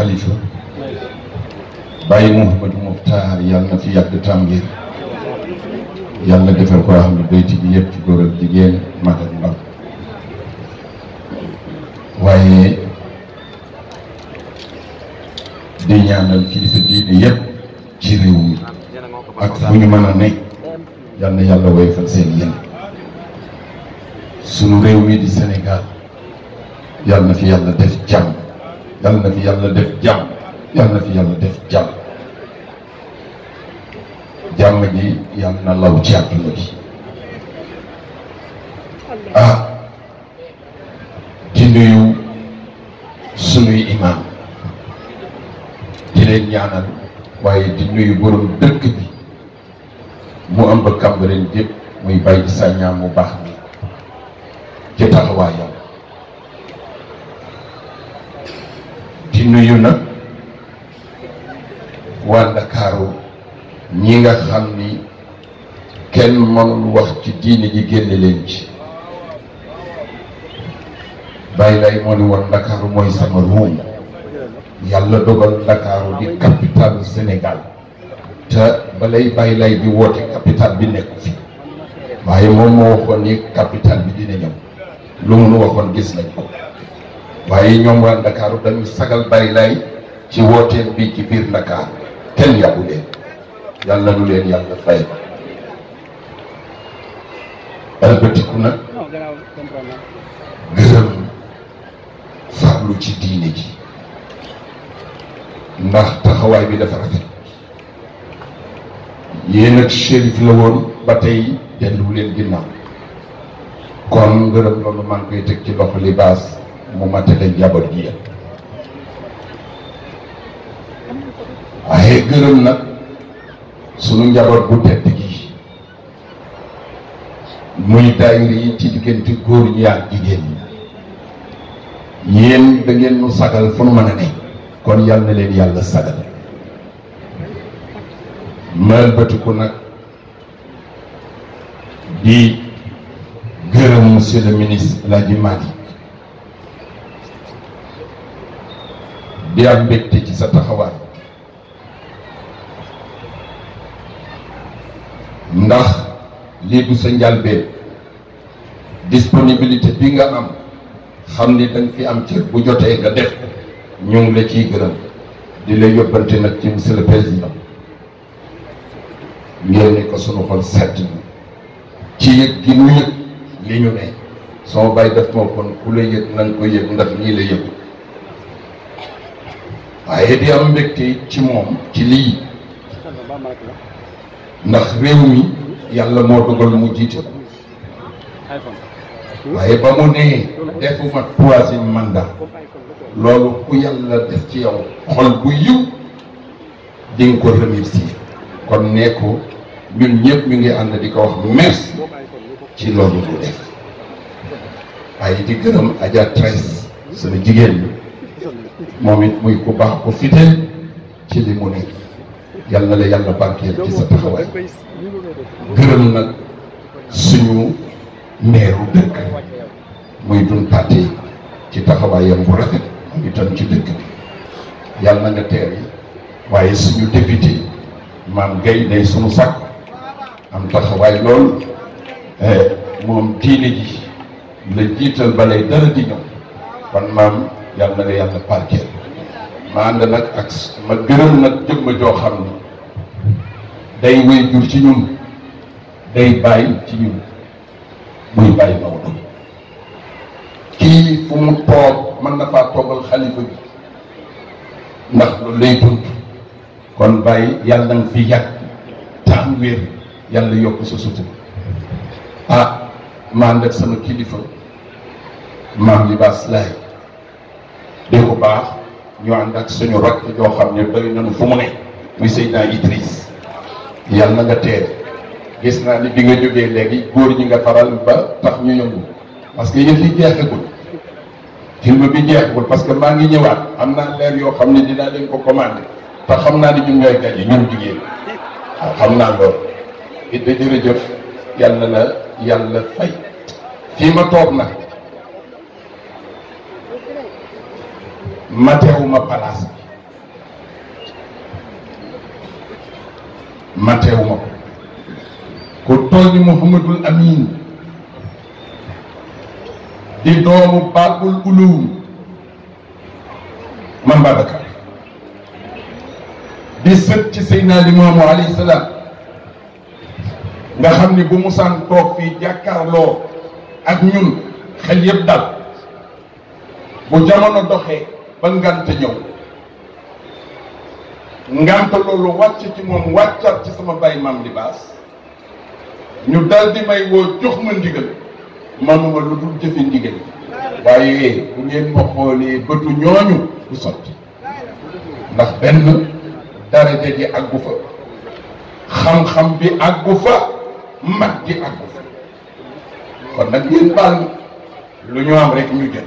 xalifa bàyyi Mouhamadou Mokhtar yàlla na fi yàgg tàmbir yàlla defal ko ahlu bayti bi yëpp góor ak jigéen mag ak ndaw waaye di ñaanal kilifa diine yëpp ci réew mi ak fu ñu mën a ne yal na yàlla woyofal seen yéen sunu réew mi di Sénégal yal na fi yàlla def jàmm. yàlla na fi yàlla def jàmm yàlla na jàmm ji yàlla na law ci àdduna bi ah di nuyu sunuy imaam di leen ñaanal waaye di nuyu borom dëkk bi mu ëmb Cambérène yëpp muy bàyyi sañaa mu baax mi ci taxawaayam ci nuyu na waa Ndakaaru ñi nga xam ni kenn mënul wax ci diini ji génne leen ci bàyyi lay moo ni woon Ndakaaru mooy sama ruum yàlla dogal Ndakaaru di capitale Sénégal te balay bàyyi lay di woote bi nekk fi waaye moom moo waxoon ni capitale bi dina ñëw lu mu waxoon gis nañ ko waaye ñoom waa Ndakaaru dañu sagal Baay Laay ci wooteen bi ci biir Ndakaar kenn yàggu leen yàlla nu leen yàlla fay albatiku nag gërëm farlu ci diine ji ndax taxawaay bi dafa rafet yéen ak shérif la woon ba tey dellu leen ginnaaw kon ngërëm loolu maa ngi koy teg ci loxo baas mu matale njaboot gi yëpp waaye gërëm nag sunu njaboot bu tedd gi muy daayira yi ci diggante góor ñi jigéen ñi yéen da ngeen nu sagal fu a ne kon yal leen yàlla sagal mal batiku nag di gërëm monsieur le ministre El Hadji Malick di am mbégte ci sa taxawaay ndax lii du sa njalbeen disponibilité bi nga am xam ni danga fi am ci bu jotee nga def ñu ngi la ciy gërëm di la yóbbante nag ci monsieur le président ngeen ni ko sunu xol sett ci yëg gi mu yëg li ñu ne sama bàyyi def moo kon ku la yëg na nga ko yëg ndax ñii la yëg waaye di am mbégte ci moom ci lii ndax réew mi yàlla moo dogal mu jiite ko waaye ba mu nee defuma troisième mandat loolu ku yàlla def ci yow xol bu yiw di nga ko remercier kon nee ko ñun ñëpp ñu ngi ànd di ko wax merci ci loolu mu def waaye di gërëm Adja Tresse sunu jigéen ñi moom it muy ku baax ku fite ci li mu nekk yal na la yàlla barkeel ci sa taxawaay gërëm nag suñu meeru dëkk muy dun pàtte ci taxawaayam bu rafet mu itam ci dëkk bi yal na nga teer yi waaye suñu député maam gay day sàkk am taxawaay lool eh, moom diine ji la jiital balay dara di kon maam yàlla na nga yàlla parkeel ma ànd nag ak ma gërëm nag jëmm joo xam day wéy jur ci ñun day bàyyi ci ñun muy bàyyi Maodo kii fu mu toog mën na faa toogal xalifa bi ndax loolu lay dund kon bàyyi yàlla na fi yàgg taam wér yàlla yokk sa sutura ah ma ànd ak sama kilifa maam libaas laay dee ko baax ñu and ak suñu rak jo xamne ne nañu fu mu ne muy Seydina Idriss yalla nga teer gis na ni bi nga joge legi goor ñi nga faral ba tax ñu yëngu parce que yëf yi jeexagul film bi jeexagul parce que ma ngi ñëwaat am na leer yo xamne dina leen ko commander ta xam na ni ñu ñooy gaj ñun jigéen ah, xam na lo it jere jërëjëf yalla na yalla fay fi ma tok nak matewuma palaas bi matewuma ko ku toll ni Mouhamadul Amin di doomu Baabul Ulum man Babacar di sët ci Seydina Limaamu alayhi salaam nga xam ni bu musaan toog fii jàkkaarloo ak ñun xel dal bu jamono doxee ba ngant ñëw ngant lolu wacc ci mom waccat ci sama bay mam libas, ñu dal di may wo jox ma ndigal ma lu dul jëfe ndigal waye bu ngeen ma xoolee bëtu ñooñu bu sotti ndax dara je ji aggu fa xam-xam bi aggu fa mag ji aggu fa kon nak bal lu ñu am rek ñu jël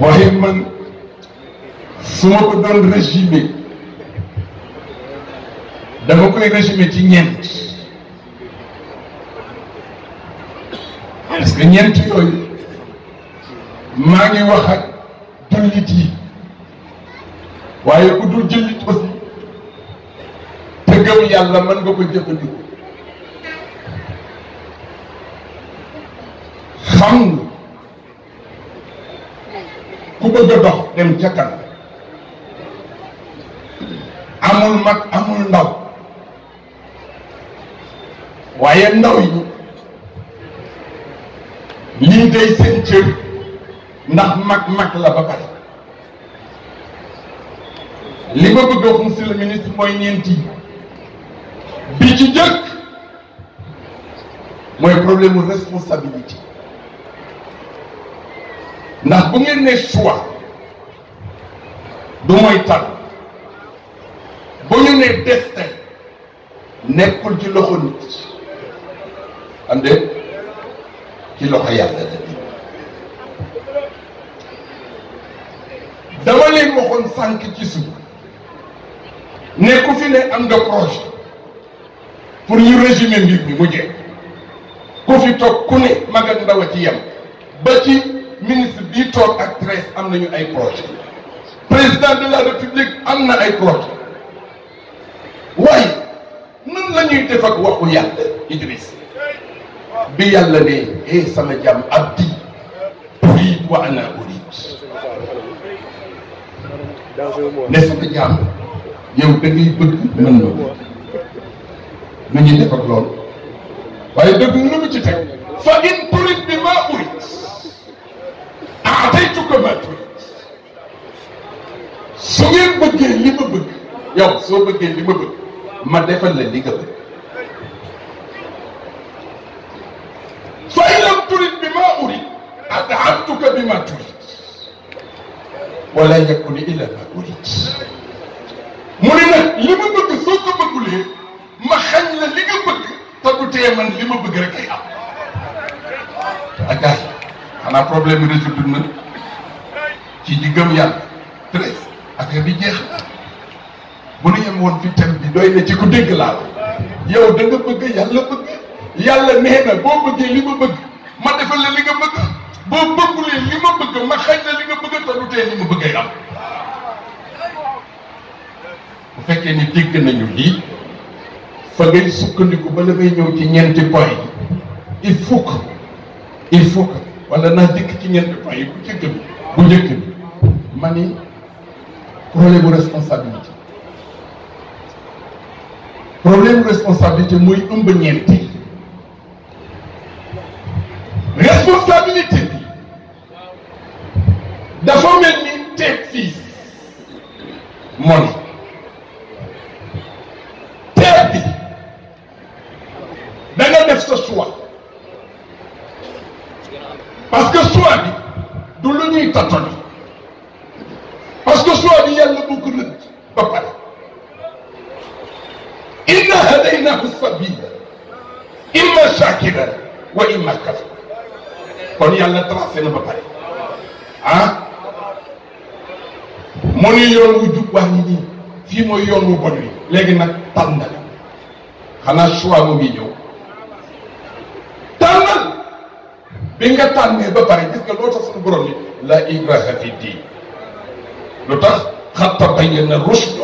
waxit man su ma ko doon résumé dama koy résumé ci ñeent parce que ñeent maa ngi wax ak jullit yi waaye ku dul jullit aussi te gëm yàlla mën nga ko jëfandikoo xam nga ku ba a dox dem ca amul mag amul ndaw waaye ndaw yi lii day seen ndax mag mag la ba pare li ma bëgg a wax monsieur ministre mooy ñeenti bi ci jëkk mooy problème mu ndax bu ngeen ne choix du mooy tal bu ñu ne destin nekkul ci loxo nit am de ci loxo yàlla la di dama leen waxoon ci suuf ne ku fi ne am pour ñu résumer mbir bi mu ku fi toog ku ne mag ak ndaw ba ci ministre bii toog ak treize am nañu ay projet président de la république am na ay projet waaye nan la ñuy def ak waxu yàlla Idriss bi yàlla ne eh sama jàmm abdi uriid wa ana uriid ne sama jàmm yow da ngay bëgg mën na ko nu ñuy def ak loolu dëgg nu mu ci teg fa in turid bi maa urit اعطيتك ما تريد su ngeen bëggee li ma bëgg yow soo bëggee li ma bëgg ma defal la li nga bëgg fa in lam turid bi ma urid adamtuka bi ma turid wala yakun illa ma urid mu ne nag li ma bëgg soo ko bëggulee ma xañ la li nga bëgg te du tee man li ma bëgg rek ay am xanaa problème bi résoudre na ci ñi gëm yàlla treize affaire bi jeex na bu ñu yem woon fi tam bi doy na ci ku dégg laa yow da nga bëgg yàlla bëgg yàlla nee na boo bëggee li ma bëgg ma defal la li nga bëgg boo bëggulee li ma bëgg ma xañ la li nga bëgg te du tee li ma bëggee am bu fekkee ni dégg nañu lii fa ngay sukkandiku ba la ngay ñëw ci ñeenti point il faut que il faut que wala naa jëkk ci ñeenti point yi bu njëkk bi bu njëkk bi ma ni bu responsabilité problème bu responsabilité mooy ëmb ñeenti responsabilité bi dafa mel ni teg fii tattali parce que choix bi yàlla moo ko rëdd ba pare inna hadaynahu sabila imma shakiran wa imma kafur kon yàlla tracé na ba pare ah mu ni yoon wu jub waa ngi nii fii mooy yoon wu bon wi léegi nag tànn na xanaa choix mu ngi ñëw إباحة في الدين لطخ خط بين الرشد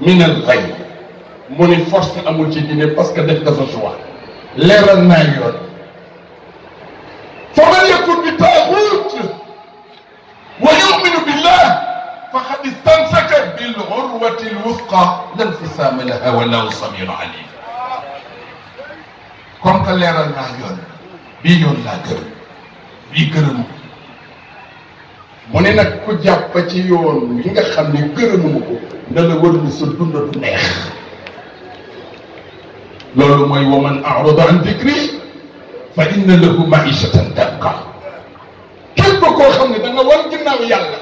من الغي موني فرصة أمول شي ديني باسكو ديك دافا سوا ليرال نا يون فمن يكون بالطاغوت ويؤمن بالله فقد استمسك بالعروة الوثقى لا انفسام لها ولا صبير عليه كم قال ليرال نا بيون لا كرم بيكرمو mune nak ku jàpp ci yoon li nga xamni geureum gërëmuma ko na la wëru su sa du neex lolu moy wa man arada an dhikri fa inna lahu maishatan tabqa képp ko xamni da nga war ginnaaw yàlla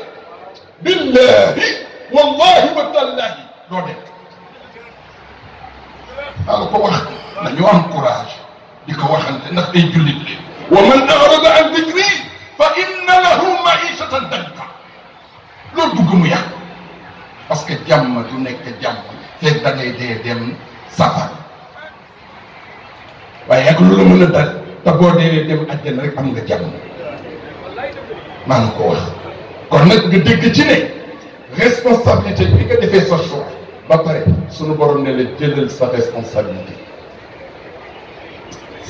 billahi wallahi wa tallahi do nek daal ko wax nañu am courage diko waxante ndax ay julit li wa man arada an dhikri fa inna lahu maishatan danka loolu bëgg mu parce que jàmm du nekk jàmm fekk da ngay safar waaye ak lu la dal te boo dee dem àjjana rek am nga jàmm maa ngi ko wax kon nag nga dégg ci ne responsabilité bi nga defee sa choix ba pare suñu borom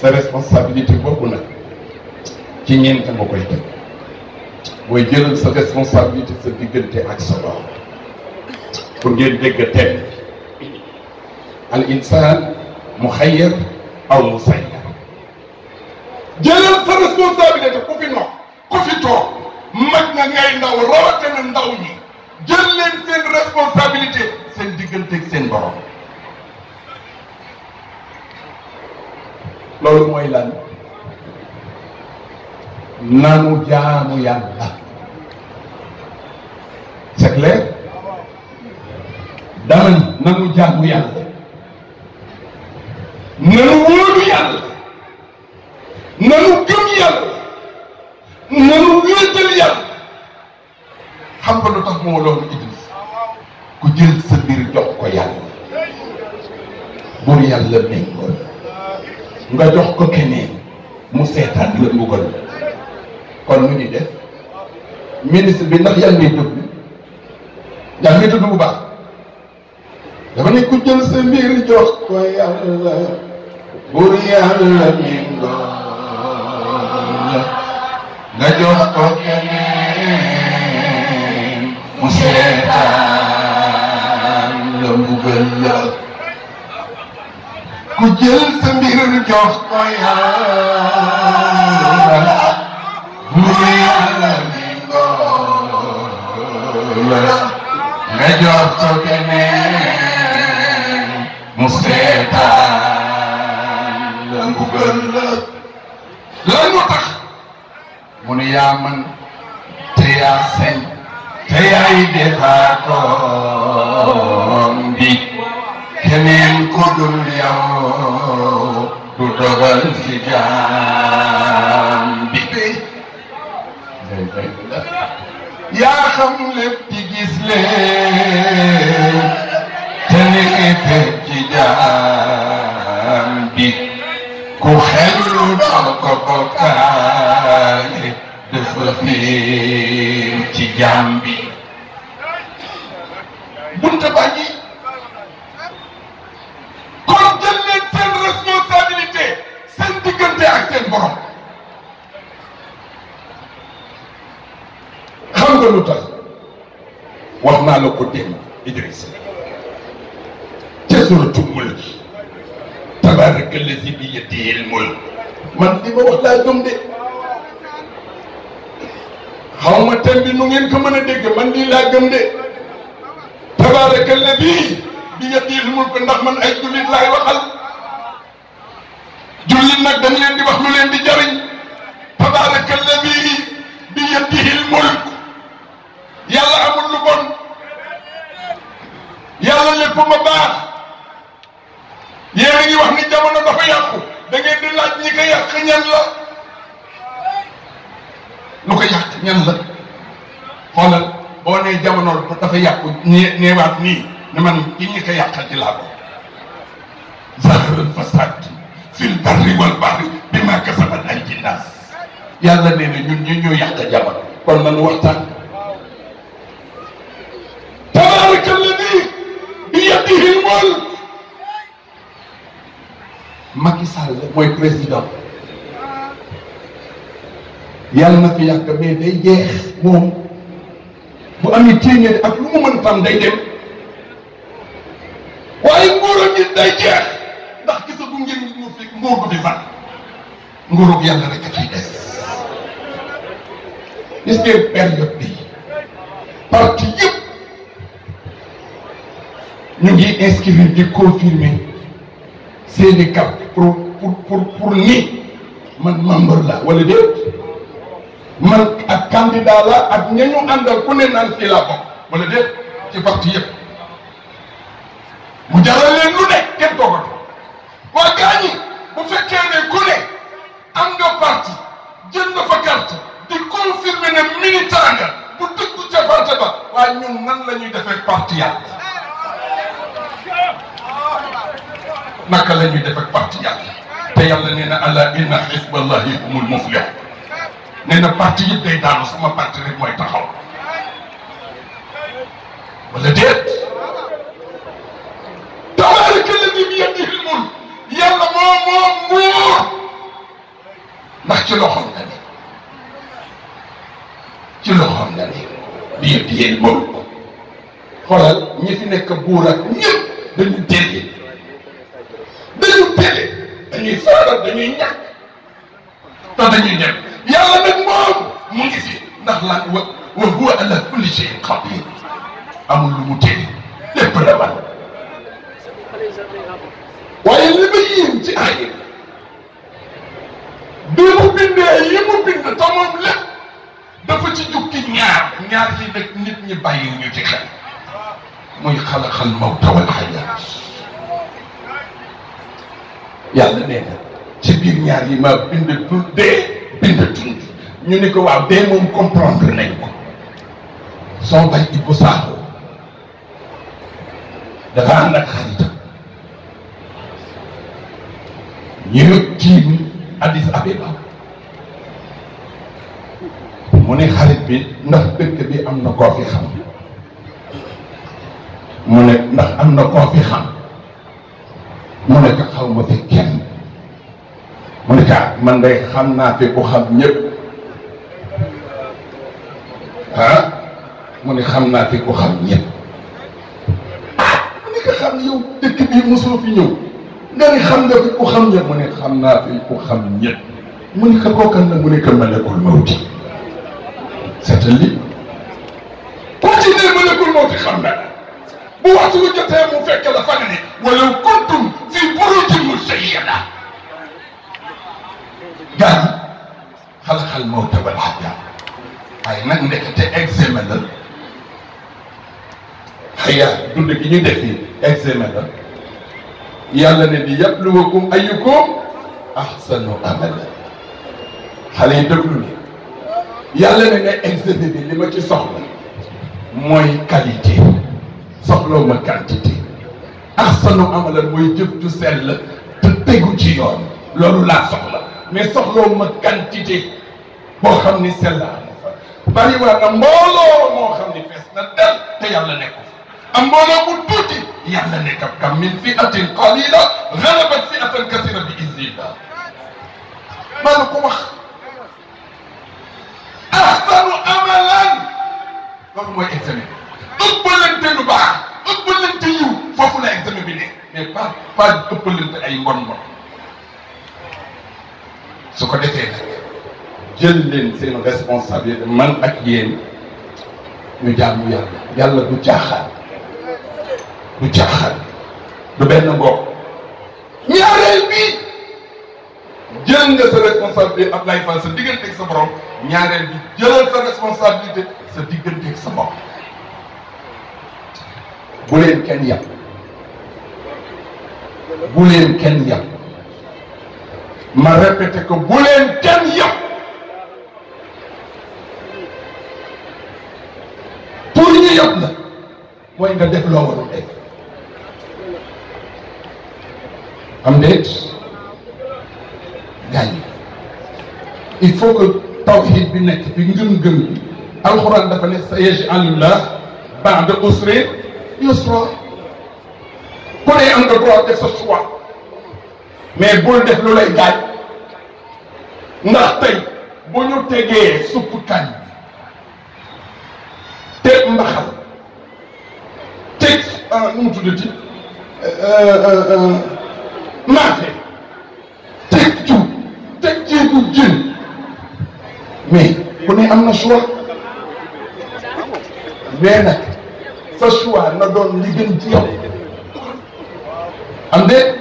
sa responsabilité sa ci ñeent nga koy teg mooy jëlal sa responsabilité sa diggante ak sa borom pour ngeen dégg teel al insaan mu xayyar aw mu sayyar jëlal sa responsabilité ku fi nox ku fi toog mag nga ngay ndaw rawatina ndaw ñi jël leen seen responsabilité seen diggante ak seen borom loolu mooy lan nanu jaamu yàlla c'est clair dama ni nanu jaamu yàlla nanu wóolu yàlla nanu gëm yàlla nanu wéetal yàlla xam nga lu tax moo loolu Idris ku jël sa mbir jox ko yàlla buur yàlla méngoo nga jox ko keneen mu seetaan la mbugal kon lu ñuy def ministre bi ndax yaa ngi may dugg yaa ngi may dugg bu baax dama ne ku jël sa mbir jox ko yalla bur yalla mi doon nga jox ko keneen mu seetaan la mu gën la ku jël sa mbir jox ko yàlla buur yàlla méngoo la nga jox ko keneen mu seetaan la mbugal la lan moo tax mu ne yaa man te yaa sañ te yaay defaatoon bi keneen ku dul yow du dogal ci jaam yaa xam lépp ci gis leen te li ci ku xellu dal ko bokkaale dafa fiir ci jaam bi bunta baa ngi kon jël leen seen responsabilité seen diggante ak seen borom nga lu tax wax naa la ko démb Idrissa ca suratu mulk tabaraka lazi bi yadihi l mulk man li ma wax laa gëm de xaw ma thème bi nu ngeen ko mën a dégg man lii laa gëm de tabaraka lazi bi yadihi l mulk ndax man ay jullit laay waxal jullit nag dañ leen di wax lu leen di jariñ tabaraka lazi bi yadihi l mulk mu nga baax yéen ngi wax ni jamono dafa yàqu da ngeen di laaj ñi ko yàq ñan la lu ko yàq ñan la xoolal boo nee jamono dafa yàqu ñee neewaat nii ne man ki ñi ko yàqal ci laa fasad fil barri wal bahri bima kasabat aydi nas yàlla nee na ñun ñu ñoo yàq jamono kon man waxtaan xool Macky Sall moy président Yalla na fi yak be day jeex mom bu amee téeméer ak lu mu mën tam day dem way ngoro gi day jeex ndax bu ngeen nguur fi nguur gu fi ngoro nguurug Yalla rek ci dess des gis ngeen période bi parti yépp ñu ngi inscrire di confirmer seeni carte pour ni man membre la wala déet man ak candidat la ak ña ñu àndal ku ne naan fii laa bokk wala déet ci parti yëpp mu jaral leen lu ne kenn toogatu waa gaañi bu fekkee ne ku ne am nga parti jël nga fa carte di confirmer ne militant nga bu dëggu ca parti ba waaye ñun nan la ñuy defee naka la ñuy def ak parti yàlla na ala inna xisballahi humul muflih nee na parti yëpp day daanu sama parti mooy taxaw wala déet tabaraka alladi bi yadihi l-mulk yàlla moo moom muur ci loxoom la ci loxoom la bi yadihi l-mulk xoolal ñi fi nekk buur dañu déggee dañu télé dañuy faral dañuy ñàkk te dañuy ñàkk yàlla nag moom mu ngi fi ndax lan wa wa huwa ala kulli shay'in qadir amul lu mu télé lépp la man li ma yéem ci ay bi mu bindee yi mu bind te moom lépp dafa ci jukki ñaar ñaar yi nag nit ñi ñu ci xel muy xalaxal mawta wal xayaa yàlla nee na ci biir ñaar yi ma bindatul dee bindatul ñu ni ko waaw dee moom comprendre nañ ko soo i Ibou Sakho dafa ànd ak xaritam ñu tiim Addis Abeba mu ne xarit bi ndax dëkk bi am na koo fi xam mu ne ndax am na koo fi xam mu ne ko xaw ma fi kenn mu ne kaa man day xam naa fi ku xam ñëpp ah mu ne xam naa fi ku xam ñëpp ah mu ne ko xam yow dëkk ne xam nga fi ku xam ñëpp mu ne xam naa fi ku xam ñëpp mu ne ko kookan la mu ne ko malakul mawti seetal li واصلوا جتهم فيك لفنني ولو كنتم في بروج مسيدة قال خلق الموت والحياة أي من لك تأكزمنا حياة دونك ندفي أكزمنا يا لنبي يبلوكم أيكم أحسن أملا هل يدبلوني يا لنبي أكزمنا لما تصحبنا موي كاليتي soxlawu ma quantité axsanu amalan mooy jëf ju sell te tegu loolu laa soxla mais soxlawu boo xam ni sell amu fa bari mbooloo moo xam ni fees na del te yàlla nekku am mbooloo bu tuuti yàlla nekk ab kam min fi qalila galabat fi atan kasira bi iznillah maa la ko wax pas ëppalante ay mbon mbon su ko defee nag jël leen seen responsabilité man ak yéen ñu jaamu yàlla yàlla du caaxaan du caaxaan du benn mbokk ñaareel bi jël nga sa responsabilité Ablaye Fall sa digganteeg sa borom ñaareel bi jëlal sa responsabilité sa digganteeg sa bopp bu leen kenn yàpp bu leen kenn yàq ma répété ko bu leen kenn yàq pour ñu yàq la mooy nga def il faut que tawhid bi nekk bi ngëm-ngëm bi dafa ne sa yaj'alu ba'da usrin yusra ku ne am nga droit def sa choix mais bul def lu lay gaañ ndax tey bu ñu tegee suppu tànn teg mbaxal teg euh, nu mu tuddati euh, euh, maafe teg jiw teg jiitu jën mais ku ne am na choix mais sa choix na doon li gën ci am de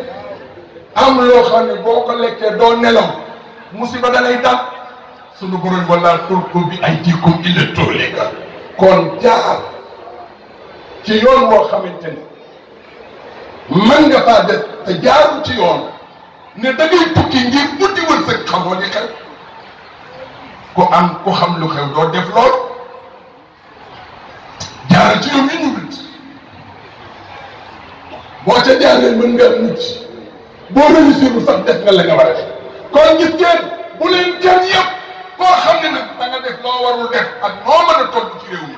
am loo xam ne boo ko lekkee doo nelaw a dalay dal sunu borom wala turku bi ay diikum illa tuhlika kon jaar ci yoon woo xamante ne mën nga faa def te ci yoon ne da ngay tukki ngir buddi wërsëg xamoo li xew ku am ku xam lu xew doo def lool boo ca jaaree mën nga mucc boo réussir lu sax def nga la nga war a def kon bu leen kenn yëpp koo xam ne nag da nga def loo warul def ak noo mën a toll ci réew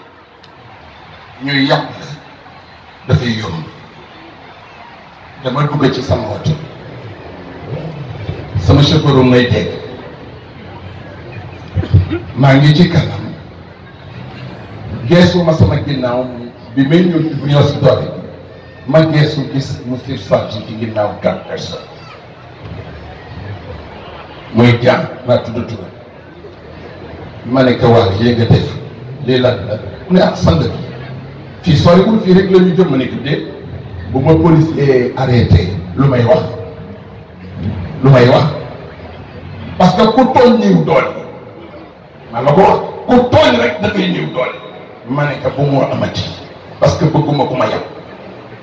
mi ñuy yàq dafay yomb dama dugg ci sama oto sama chauffeur may dégg maa ngi ci kanam geesuma sama ginnaaw bi may ñëw bu ñëw si ma geesu gis monsieur Sadji ci ginnaaw quatre muy jàng maa tudd turam ma ne ko wax yéeg a def lii lan la mu ne ah sànq fii soriwul fii rek la ñu jëm ma bu ma policier arrêté lu may wax lu may wax parce que ku tooñ ñëw doole maa la ko wax ku tooñ rek da ngay ñëw doole ma ne bu moo amati parce que bëgguma ku ma yàq.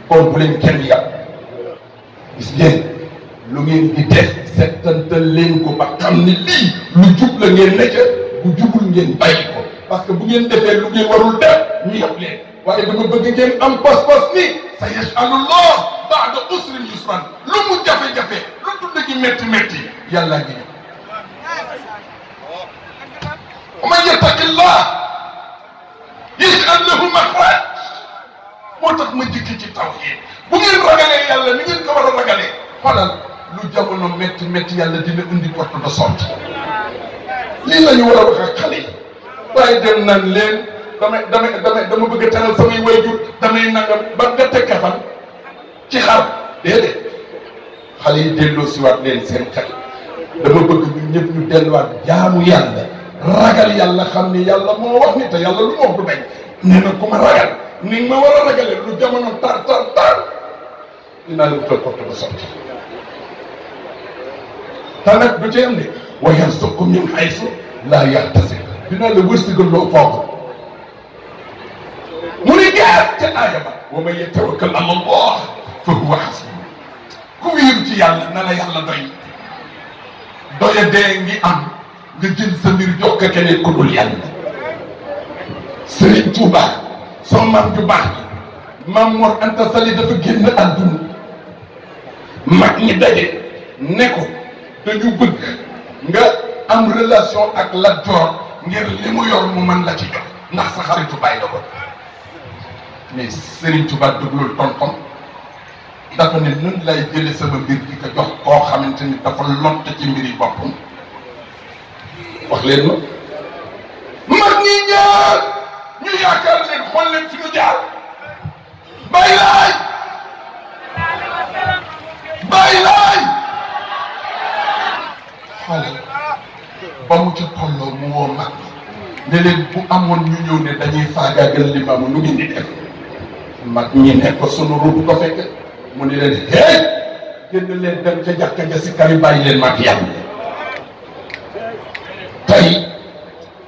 kon bu leen kenn yàpp gis lu ngeen di def settantal leen ko ba xam ni lii lu jub la ngeen nekk bu jubul ngeen bàyyi ko parce que bu ngeen defee lu ngeen warul def ñu yàpp leen waaye dama bëgg ngeen am pas-pas ni sa yajalullah baada usrin yusran lu mu jafe-jafe lu dund gi métti métti yàlla ngi wa man yattaqillah yaj'al lahu maxraj moo tax ma jikki ci tawhiid bu ngeen ragalee yàlla ni ngeen ko war a ragalee xoolal lu jamono métti métti yàlla dina indi porte de sortie lii la war a wax ak xale yi bàyyi dem nan leen damay damay damay dama bëgg a teral samay wayjur damay ba nga tekke fan ci xar déedéet xale yi delloo siwaat leen seen xel dama bëgg ñun ñëpp ñu delluwaat jaamu yàlla ragal yàlla xam ni yàlla moo wax ni yàlla lu mu wax du bañ nee ma ragal ni nga ma war a ragale lu jamono tar tar tar dinaa la utal porte ba sotti te nag du ci am de wa yarzuqhu min haythu laa yahtasib dinaa la wërsëgal loo foog mu ne jaar ca aaya ba wa man yatawakkal ala Allah fa huwa hasbuh ku wéeru ci yàlla na la yàlla doy doya dee ngi am nga jël sa mbir jox ko keneen ku dul yàlla Serigne Touba sama maam ju baax maam Mor Anta Sali dafa génn àdduna mag ñi daje ne ko dañu nga am relation ak Lat Joor ngir li mu yor mu mën la ci jox ndax sa xaritu bàyyi la ko mais Serigne Touba duglul tontom dafa ne nun lay jële sama mbir di ko jox koo xamante ni dafa lott ci mbiri boppam wax leen ma mag ñi ñaar xool leen fi ñu bay laay ba mu ci tolloo mu woo mag ne leen bu amoon ñu ñëw ne dañuy faagaagal limaamu lu ngi di def mag ñi nekk sunu ruutu ko fekk mu ne leen hey génn leen dem ca jàkka ja si kari bàyyi leen mag yàlla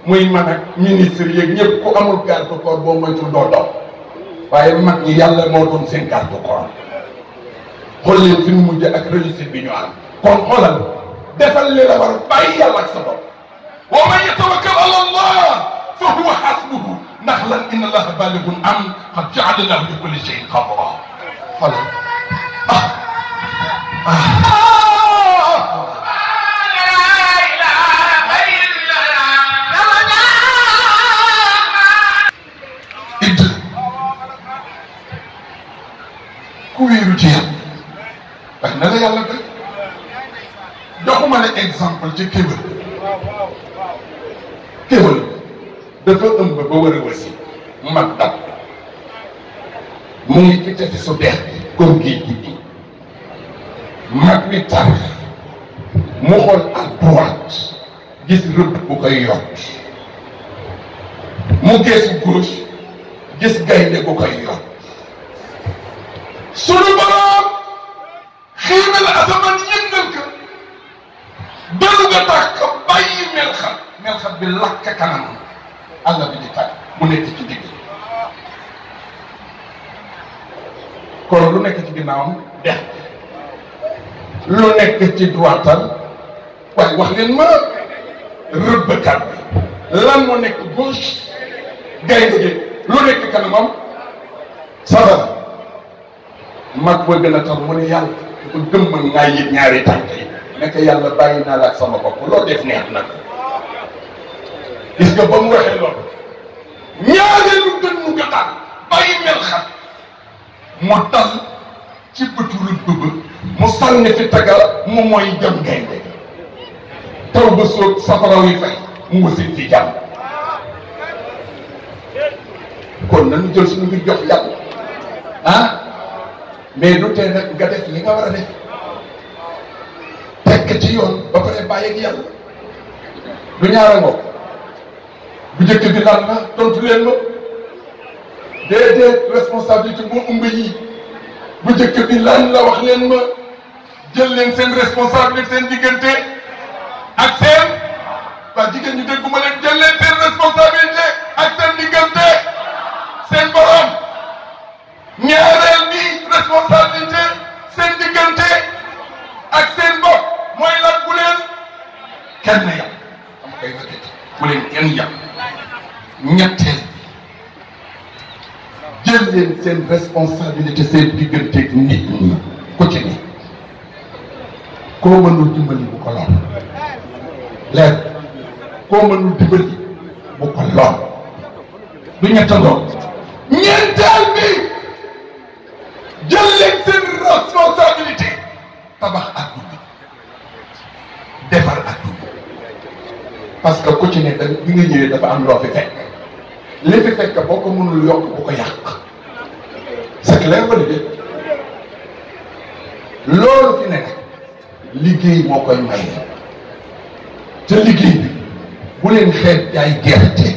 muy man ak ministre yeeg ñëpp ku amul garde corps boo moytul doo dox waaye mag ñi yàlla moo doon seen garde corps xool leen fi mu mujj ak réussite bi ñu am kon xoolal defal li la war bàyyi yàlla ak sa bopp wa man yatawakkal ala allah fa huwa hasbuhu ndax lan inna allaha balighun am qad ja'ala lahu li kulli shay'in qadra xoolal ah ah ku wéeru ci yàlla ndax na la yàlla def joxuma la exemple ci kéwél kéwél dafa ëmb ba war a wasi mag dab mu ngi ci tefesu dex bi comme géej gi mag bi tar mu xool à droite gis rëbb bu koy yott mu geesu gauche gis gaynde bu koy yott sunu boroom xëy na la asamaan yëngal ka bëru ka bàyyi melxat melxat bi lakk kanam àll bi di tàkk mu nekk ci digg kon lu nekk ci ginnaawam dex lu nekk ci duwaatal waaye wax leen ma rëbbkat bi lan moo nekk gauche gaynde gi lu nekk kanamam safara mag bëgg la tam mu ne yàlla ko dëmmal ngaa yëg ñaari tànk yi nekk yàlla bàyyi naa la ak sama bopp loo def neex nag gis nga ba mu waxee loolu ñaareelu dën mu gataan bàyyi mel xat mu dal ci bëtu rëbb mu sànni fi tagal mu mooy jëm gaynde taw ba sóot safaraw yi fay mu wasin fi jàmm kon nanu jël suñu mbir jox yàlla ah? mais du tee nag nga li nga war a def tekk ci yoon ba pare bàyyi ak yàlla du ñaara ngoog bu njëkk bi lan na tontu leen ma déedéet responsabilité moo ëmb yi bu njëkk lan la wax leen ma jël seen responsabilité seen diggante ak seen waa jigéen ñu dégguma leen jël seen responsabilité ak seen diggante kenn yàq dama koy répété bu leen kenn yàq ñetteel jël leen seen responsabilité seen digganteeg nit ñi ku ci ne koo mënul dimbali bu ko lor leer koo mënul dimbali bu ko lor du ñettandoo parce que ku ci ne bi nga ñëwee dafa am loo fi fekk li fi fekk boo ko mënul yokk bu ko yàq c'est clair ba léegi loolu fi nekk liggéey moo koy maye te liggéey bi bu leen xeet jaay gerte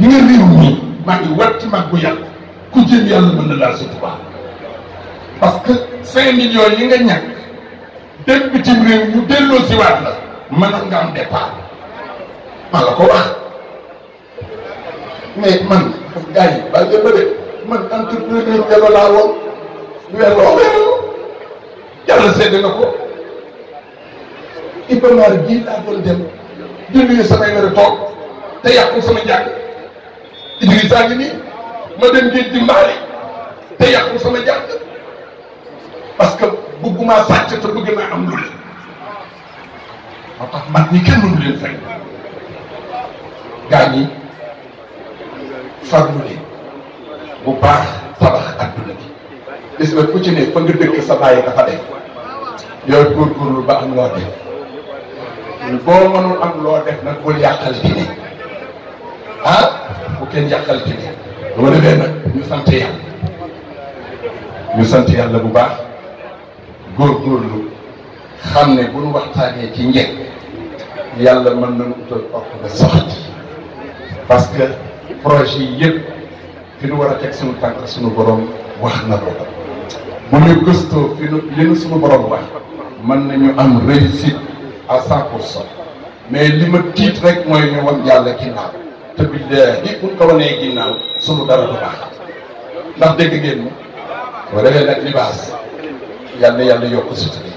ñi nga réew mi maa wat mag bu yàlla ku jël yàlla mën na laa sutuba parce que cinq millions yi nga ñàkk dem bitim réew ñu delloo si waat la mënoon nga am départ ma la ko wax mais man gars yi ba nga bëgg man entrepreneur jalo laa woon weerloo weerloo yàlla sedd na ko Iba Mar gii laa doon dem jëndee samay nga te yàqu sama njàng Idrissa ngi nii ma dem te yàqu sama njàng parce que bëgguma sàcc bëgg naa am lu moo tax man ñi kenn mënu leen fay gaa ñi farlu leen bu baax tabax adduna bi gis nga ku ci ne fa nga dëkk sa bàyyi dafa def yow góorgóorlu ba am loo def boo mënul am loo def nag bul yàqal ci ne ah bu kenn yàqal ci ne boo defee nag ñu sant yàlla ñu sant yàlla bu baax góorgóorlu xam ne bu nu waxtaanee ci njëkk yàlla mën na utal parce que projet yi yëpp fi ñu war a teg suñu tànk suñu borom wax na ko bu ñu gëstoo fi ñu li ñu suñu borom wax mën nañu am réussite à cent pour cent mais li ma tiit rek mooy ñu wan yàlla ginnaaw te billaahi buñ ko wanee ginnaaw suñu dara du baax ndax dégg ngeen ma boo defee nag libaas yàlla yàlla yokk sutura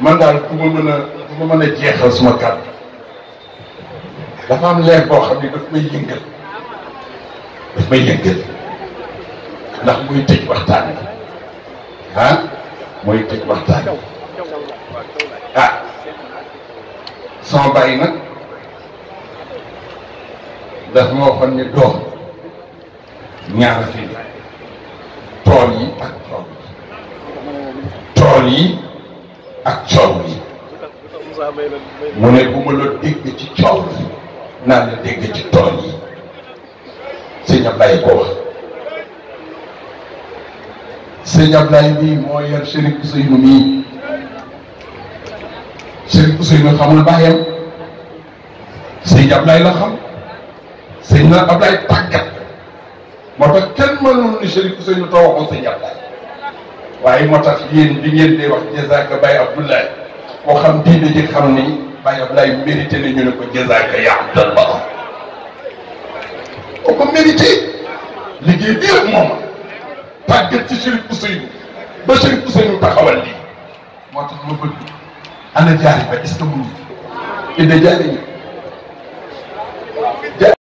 man daal ku ma mën a ku ma mën suma kàddu dafa am leer boo xam ne daf may yëngal daf may yëngal ndax muy tëj waxtaan bi ah muy tëj waxtaan bi ah sama bàyyi nag daf ma waxoon ne doom ñaar fi tool yi ak tool yi tool yi ak coow yi mu ne bu ma la dégg ci coow yi naa leen dégg ci tool yi sëñ Ablaye ko wax sëñ Ablaye mii moo yar Serigne Ousseynou mii Serigne Ousseynou xamul bàyyam sëñ Ablaye la xam sëñ na Ablaye tàggat moo tax kenn mënul ni Serigne Ousseynou too waxoon sëñ Ablaye waaye moo tax yéen bi ngeen di wax jazaaka Baye Abdoulaye koo xam diine ji xam ni Baye Ablaye mérité na ñu ne ko jazaaka yaa Abdallah boo mérité liggéey bi ak moom tàggat ci ba Chérif taxawal lii moo tax ma bëgg ana jaari ba est-ce que mu ngi fi.